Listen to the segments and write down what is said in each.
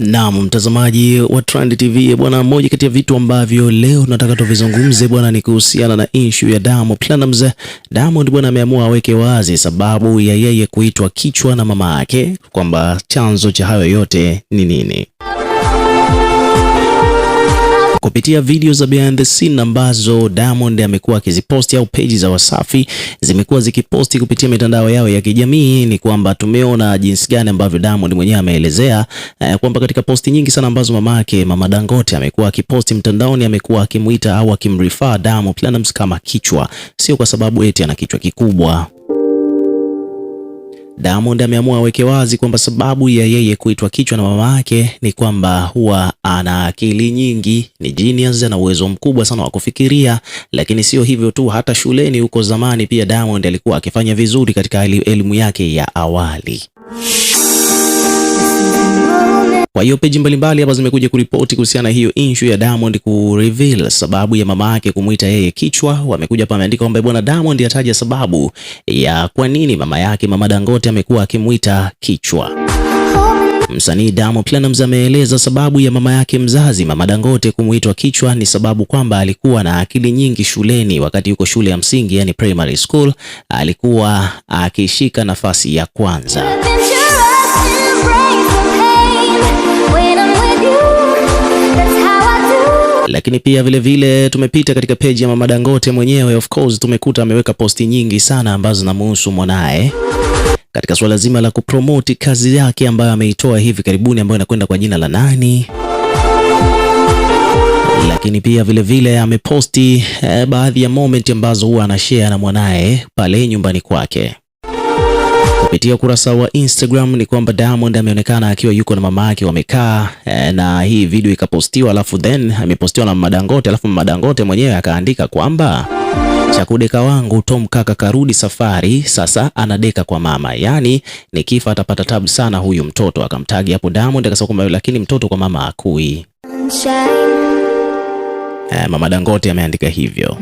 Naam, mtazamaji wa Trend TV bwana, moja kati ya vitu ambavyo leo nataka tuvizungumze bwana ni kuhusiana na issue ya Diamond Platnumz. Diamond bwana ameamua aweke wazi sababu ya yeye kuitwa kichwa na mama yake, kwamba chanzo cha hayo yote ni nini kupitia video za behind the scene ambazo Diamond amekuwa akiziposti au peji za Wasafi zimekuwa zikiposti kupitia mitandao yao ya kijamii, ni kwamba tumeona jinsi gani ambavyo Diamond mwenyewe ameelezea eh, kwamba katika posti nyingi sana ambazo mama yake mama Dangote amekuwa akiposti mtandaoni amekuwa akimuita au akimrefer Diamond Platinumz kama kichwa, sio kwa sababu eti ana kichwa kikubwa. Diamond ameamua aweke wazi kwamba sababu ya yeye kuitwa kichwa na mama yake ni kwamba huwa ana akili nyingi, ni genius, ana uwezo mkubwa sana wa kufikiria. Lakini sio hivyo tu, hata shuleni huko zamani pia Diamond alikuwa akifanya vizuri katika elimu yake ya awali. Kwa hiyo peji mbalimbali hapa zimekuja kuripoti kuhusiana na hiyo issue ya Diamond reveal sababu ya mama yake kumuita yeye kichwa. Wamekuja hapa wameandika kwamba bwana Diamond ataja sababu ya kwa nini mama yake mama Dangote amekuwa akimuita kichwa. Msanii Diamond Platnumz ameeleza sababu ya mama yake mzazi mama Dangote kumuitwa kichwa ni sababu kwamba alikuwa na akili nyingi shuleni. Wakati yuko shule ya msingi, yani primary school, alikuwa akishika nafasi ya kwanza. lakini pia vile vile tumepita katika peji ya Mama Dangote mwenyewe, of course tumekuta ameweka posti nyingi sana ambazo zinamuhusu mwanaye katika suala zima la kupromoti kazi yake ambayo ameitoa hivi karibuni ambayo inakwenda kwa jina la nani lakini pia vile vile ameposti eh, baadhi ya moment ambazo huwa anashare na mwanaye pale nyumbani kwake. Kupitia ukurasa wa Instagram ni kwamba Diamond ameonekana akiwa yuko na mama yake wamekaa, e, na hii video ikapostiwa, alafu then amepostiwa na Madangote, alafu Madangote mwenyewe akaandika kwamba chakudeka wangu Tom kaka karudi safari, sasa anadeka kwa mama, yaani nikifa atapata tabu sana huyu mtoto. Akamtagi hapo Diamond akasema kwamba lakini mtoto kwa mama akui. Eh, mama Dangote ameandika hivyo.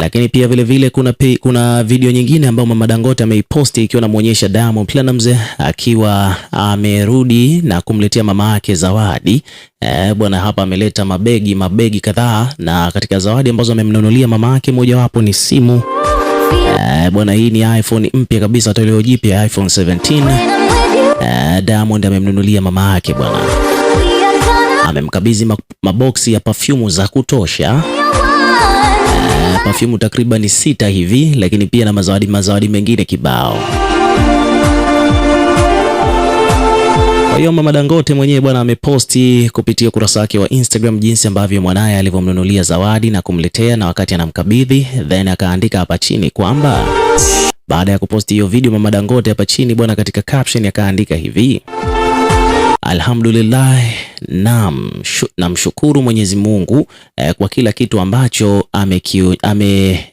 Lakini pia vile vile kuna, pi, kuna video nyingine ambayo Mama Dangote ameiposti ikiwa namwonyesha Diamond Platnumz akiwa amerudi na kumletea mama yake zawadi. E, bwana hapa ameleta mabegi mabegi kadhaa, na katika zawadi ambazo amemnunulia mama yake mojawapo ni simu e, bwana hii ni iPhone mpya kabisa, toleo jipya iPhone 17. E, eh, Diamond amemnunulia mama yake bwana, amemkabidhi maboksi ya perfume za kutosha mafimu takriban sita hivi, lakini pia na mazawadi mazawadi mengine kibao. Kwa hiyo Mama Dangote mwenyewe bwana ameposti kupitia ukurasa wake wa Instagram jinsi ambavyo mwanaye alivyomnunulia zawadi na kumletea na wakati anamkabidhi, then akaandika hapa chini kwamba baada ya kuposti hiyo video Mama Dangote hapa chini bwana, katika caption akaandika hivi Alhamdulillah, naam, namshukuru Mwenyezi Mungu eh, kwa kila kitu ambacho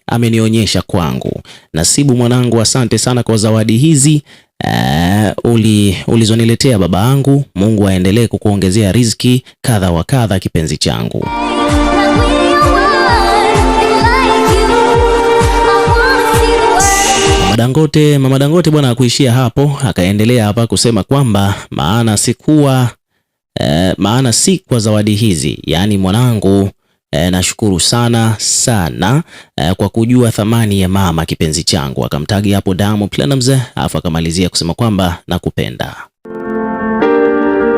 amenionyesha ame kwangu. Nasibu mwanangu, asante sana kwa zawadi hizi eh, uli, ulizoniletea baba yangu. Mungu aendelee kukuongezea riziki kadha wa kadha, kipenzi changu. Dangote, mama Dangote bwana akuishia hapo, akaendelea hapa kusema kwamba maana sikuwa eh, maana si kwa zawadi hizi, yaani mwanangu eh, nashukuru sana sana eh, kwa kujua thamani ya mama kipenzi changu. Akamtagi hapo Diamond Platnumz, alafu akamalizia kusema kwamba nakupenda.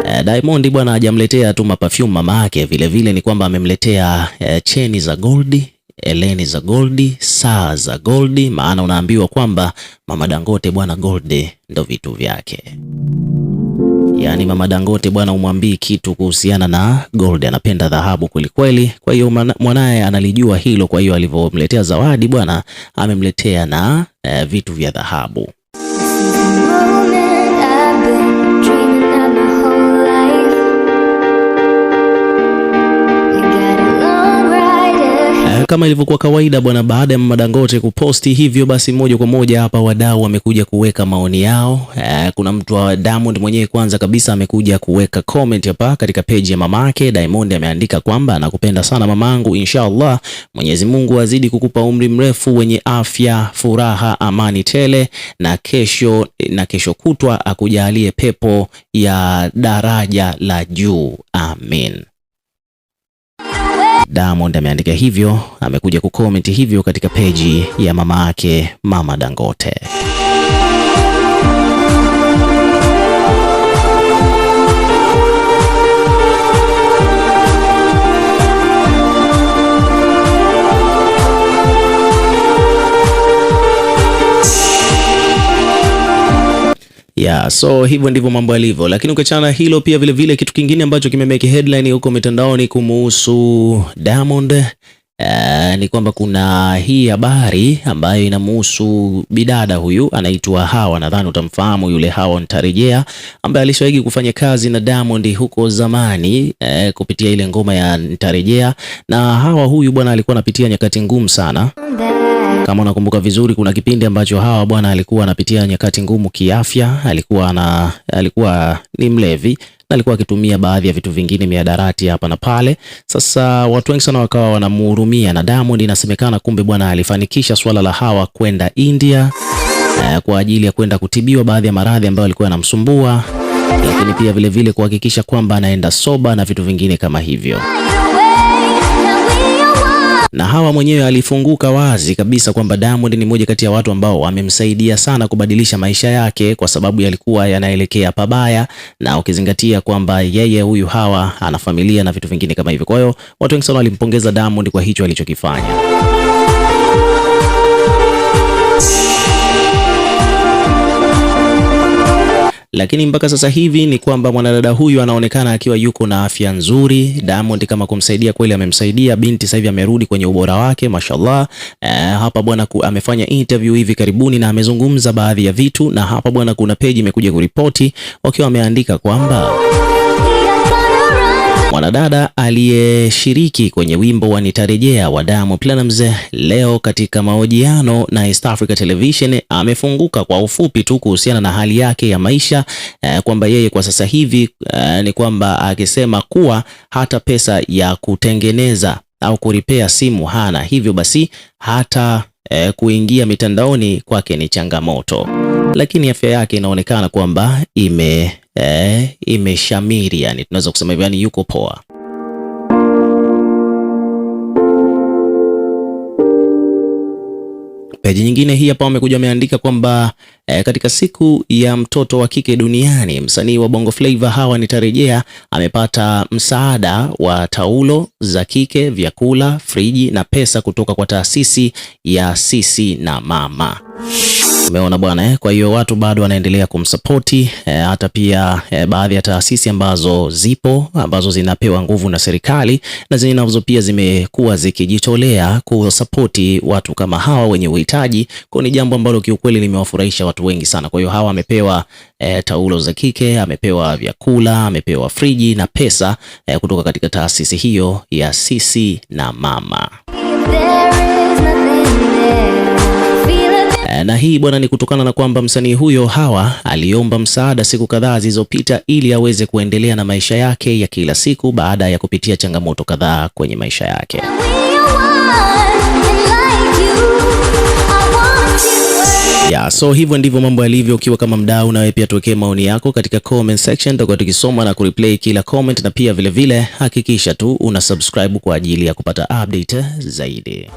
Eh, Diamond bwana hajamletea tu mapafyumu mama yake, vile vile ni kwamba amemletea eh, cheni za goldi eleni za goldi, saa za goldi, maana unaambiwa kwamba mama Dangote bwana, goldi ndo vitu vyake. Yaani mama Dangote bwana, umwambii kitu kuhusiana na gold, anapenda dhahabu kwelikweli. Kwa hiyo mwanaye analijua hilo, kwa hiyo alivyomletea zawadi bwana, amemletea na eh, vitu vya dhahabu kama ilivyokuwa kawaida bwana, baada ya mama kuposti hivyo, basi moja kwa moja hapa wadau wamekuja kuweka maoni yao. E, kuna mtu wa Diamond mwenyewe kwanza kabisa amekuja kuweka comment hapa katika page ya mamake Diamond. Ameandika kwamba anakupenda sana mamangu, inshallah Mwenyezi Mungu azidi kukupa umri mrefu wenye afya, furaha, amani tele, na kesho na kesho kutwa akujalie pepo ya daraja la juu, amin. Diamond ameandika hivyo, amekuja kukomenti hivyo katika peji ya mama yake Mama Dangote. so hivyo ndivyo mambo yalivyo, lakini ukiachana hilo pia vile vile kitu kingine ambacho kimemeki headline huko mitandaoni kumuhusu Diamond uh, ni kwamba kuna hii habari ambayo inamuhusu bidada huyu anaitwa Hawa, nadhani utamfahamu yule Hawa Ntarejea, ambaye alishawahi kufanya kazi na Diamond huko zamani uh, kupitia ile ngoma ya nitarejea. na Hawa huyu bwana alikuwa anapitia nyakati ngumu sana kama unakumbuka vizuri, kuna kipindi ambacho Hawa bwana alikuwa anapitia nyakati ngumu kiafya, alikuwa na, alikuwa ni mlevi na alikuwa akitumia baadhi ya vitu vingine miadarati hapa na pale. Sasa watu wengi sana wakawa wanamhurumia, na Diamond inasemekana kumbe bwana alifanikisha swala la Hawa kwenda India eh, kwa ajili ya kwenda kutibiwa baadhi ya maradhi ambayo alikuwa anamsumbua lakini pia vilevile kuhakikisha kwamba anaenda soba na vitu vingine kama hivyo na Hawa mwenyewe alifunguka wazi kabisa kwamba Diamond ni mmoja kati ya watu ambao wamemsaidia sana kubadilisha maisha yake, kwa sababu yalikuwa yanaelekea pabaya, na ukizingatia kwamba yeye huyu Hawa ana familia na vitu vingine kama hivyo. Kwa hiyo watu wengi sana walimpongeza Diamond kwa hicho alichokifanya. lakini mpaka sasa hivi ni kwamba mwanadada huyu anaonekana akiwa yuko na afya nzuri. Diamond kama kumsaidia kweli amemsaidia binti, sasa hivi amerudi kwenye ubora wake, mashallah. E, hapa bwana amefanya interview hivi karibuni na amezungumza baadhi ya vitu, na hapa bwana kuna page imekuja kuripoti wakiwa wameandika kwamba Mwanadada aliyeshiriki kwenye wimbo wa Nitarejea wa Diamond Platnumz leo katika mahojiano na East Africa Television amefunguka kwa ufupi tu kuhusiana na hali yake ya maisha eh, kwamba yeye kwa sasa hivi eh, ni kwamba akisema kuwa hata pesa ya kutengeneza au kuripea simu hana, hivyo basi hata eh, kuingia mitandaoni kwake ni changamoto, lakini afya yake inaonekana kwamba ime eh, imeshamiri yani, tunaweza kusema hivyo yani, yuko poa. Peji nyingine hii hapa wamekuja wameandika kwamba e, katika siku ya mtoto wa kike duniani msanii wa Bongo Flava Hawa nitarejea amepata msaada wa taulo za kike, vyakula, friji na pesa kutoka kwa taasisi ya Sisi na Mama. Umeona bwana eh? Kwa hiyo watu bado wanaendelea kumsapoti eh, hata pia eh, baadhi ya taasisi ambazo zipo ambazo zinapewa nguvu na serikali na zinazo pia zimekuwa zikijitolea kusapoti watu kama hawa wenye uhitaji, kwa ni jambo ambalo kiukweli limewafurahisha watu wengi sana. Kwa hiyo hawa amepewa eh, taulo za kike, amepewa vyakula, amepewa friji na pesa eh, kutoka katika taasisi hiyo ya Sisi na Mama. There is nothing there. Eh, na hii bwana ni kutokana na kwamba msanii huyo Hawa aliomba msaada siku kadhaa zilizopita ili aweze kuendelea na maisha yake ya kila siku baada ya kupitia changamoto kadhaa kwenye maisha yake. Yeah, so hivyo ndivyo mambo yalivyo. Ukiwa kama mdau, na wewe pia tuwekee maoni yako katika comment section, tutakuwa tukisoma na kureplay kila comment, na pia vilevile vile, hakikisha tu una subscribe kwa ajili ya kupata update zaidi.